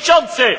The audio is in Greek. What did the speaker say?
przewodniczący!